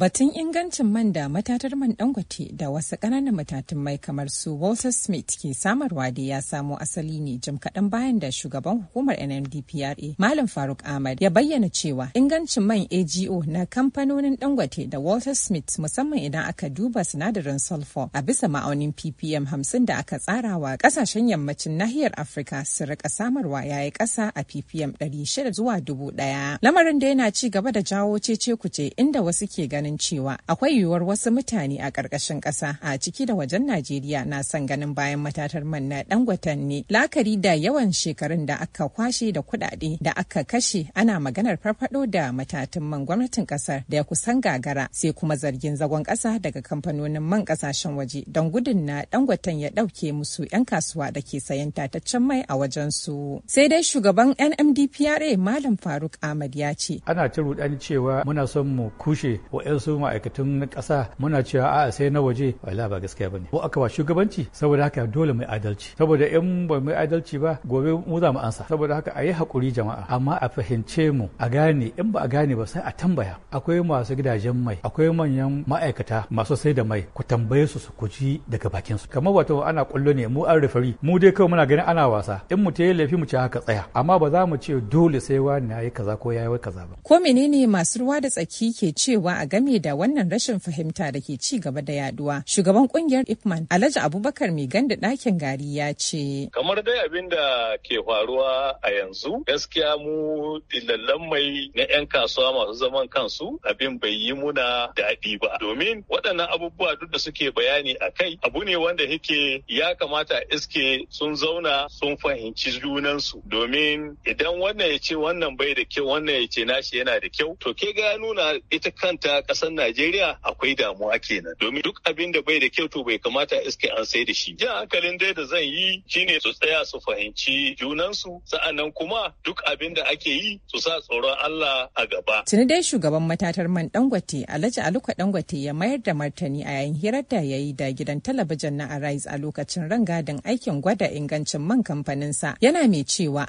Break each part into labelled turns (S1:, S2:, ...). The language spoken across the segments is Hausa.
S1: Batun ingancin man da matatar man dangote da wasu ƙananan matatun mai kamar su Walter Smith ke samarwa da ya samo asali ne jim kaɗan bayan da shugaban hukumar NMDPRA Malam Faruk Ahmad ya bayyana cewa ingancin man AGO na kamfanonin dangote da Walter Smith musamman idan aka duba sinadarin sulfur a bisa ma'aunin ppm hamsin da aka tsara wa ƙasashen yammacin nahiyar Afirka su rika samarwa ya yi ƙasa a ppm 600 zuwa 1000. Lamarin da yana ci gaba da jawo cece kuce inda wasu ke ganin ganin cewa akwai yiwuwar wasu mutane a ƙarƙashin ƙasa a ciki da wajen Najeriya na san ganin bayan matatar man na ɗan watanni la'akari da yawan shekarun da aka kwashe da kuɗaɗe da aka kashe ana maganar farfaɗo da matatun man gwamnatin ƙasar da ya kusan gagara sai kuma zargin zagon ƙasa daga kamfanonin man ƙasashen waje don gudun na ɗangwatan ya ɗauke musu 'yan kasuwa da ke sayan tataccen mai a wajen su. Sai dai shugaban NMDPRA Malam Faruk Ahmad ya ce.
S2: Ana ta rudani cewa muna son mu kushe wa'yan wasu ma'aikatan na ƙasa muna cewa a'a sai na waje wala ba gaskiya bane ko aka ba shugabanci saboda haka dole mai adalci saboda in ba mai adalci ba gobe mu za mu ansa saboda haka a yi hakuri jama'a amma a fahimce mu a gane in ba a gane ba sai a tambaya akwai masu gidajen mai akwai manyan ma'aikata masu sai da mai ku tambaye su su kuji daga bakin su kamar wato ana kullo ne mu an rufari mu dai kawai muna ganin ana wasa in mu ta laifi mu ci haka tsaya amma ba za mu ce dole sai wani yi kaza ko yi kaza ba
S1: ko menene masu ruwa da tsaki ke cewa a game ne da wannan rashin fahimta da ke ci gaba da yaduwa. Shugaban kungiyar Ipman Alhaji Abubakar mai ganda ɗakin gari ya ce.
S3: Kamar dai abin da ke faruwa a yanzu gaskiya mu dillallan mai na 'yan kasuwa masu zaman kansu abin bai yi muna daɗi ba. Domin waɗannan abubuwa duk da suke bayani a kai abu ne wanda yake ya kamata iske sun zauna sun fahimci junansu domin idan wannan ya ce wannan bai da kyau wannan ya ce nashi yana da kyau to ke ga nuna ita kanta ƙasa kasar Najeriya akwai damuwa kenan domin duk abin da bai da kyau to bai kamata iske an sai da shi. Jan hankalin dai da zan yi shine su tsaya su fahimci junansu sa'annan kuma duk abin da ake yi su sa tsoron Allah a gaba.
S1: Tuni dai shugaban matatar man Dangote Alhaji Aluka Dangote ya mayar da martani a yayin hirar da ya yi da gidan talabijin na Arise a lokacin rangadin aikin gwada ingancin man kamfanin sa yana mai cewa.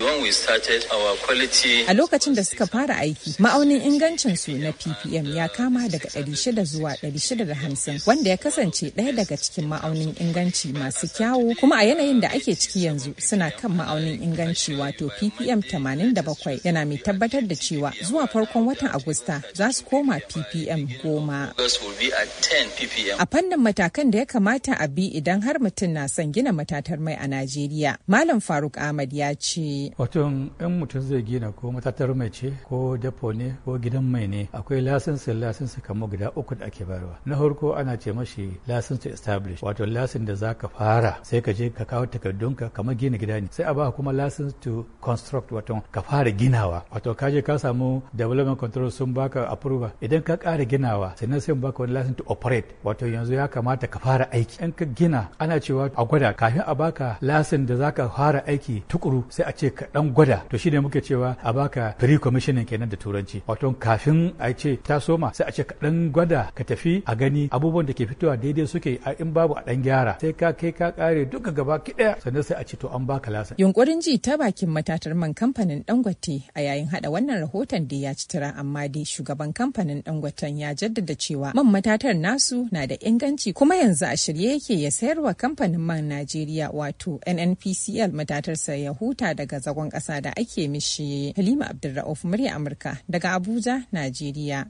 S1: A lokacin da suka fara aiki ma'aunin ingancin su na PPM ya kama da daga 600 zuwa 650 wanda ya kasance ɗaya daga cikin ma'aunin inganci masu kyawu kuma a yanayin da ake ciki yanzu suna kan ma'aunin inganci wato ppm 87 yana mai tabbatar da cewa zuwa farkon watan agusta za su koma ppm 10 a fannin matakan da ya kamata a bi idan har mutum na son gina matatar mai a najeriya malam faruk ahmad ya ce wato in mutum zai gina
S2: ko matatar mai ce ko depo ne ko gidan mai ne akwai lasinsin lasinsin kamar guda uku da ake bayarwa na farko ana ce mashi license to establish wato license da zaka fara sai ka je ka kawo takardunka kamar gina gida ne sai a ba kuma license to construct wato ka fara ginawa wato ka je ka samu development control sun baka approval idan ka ƙara ginawa na sai baka wani license to operate wato yanzu ya kamata ka fara aiki in ka gina ana cewa a gwada kafin a baka lasin da zaka fara aiki tukuru sai a ce ka dan gwada to shine muke cewa a baka pre commissioning kenan da turanci wato kafin a ce ta soma sai a ce ka dan gwada ka tafi a gani abubuwan da ke fitowa daidai suke a in babu a dan gyara sai ka kai ka kare duka gaba kiɗaya sannan sai a ci to an baka lasa.
S1: Yunkurin ji ta bakin matatar man kamfanin Dangote a yayin hada wannan rahoton da ya ci tara amma dai shugaban kamfanin Dangoten ya jaddada cewa man matatar nasu na da inganci kuma yanzu a shirye yake ya sayarwa kamfanin man Najeriya wato NNPCL matatarsa ya huta daga zagon ƙasa da ake mishi Halima Abdulra'uf murya Amurka daga Abuja, Najeriya.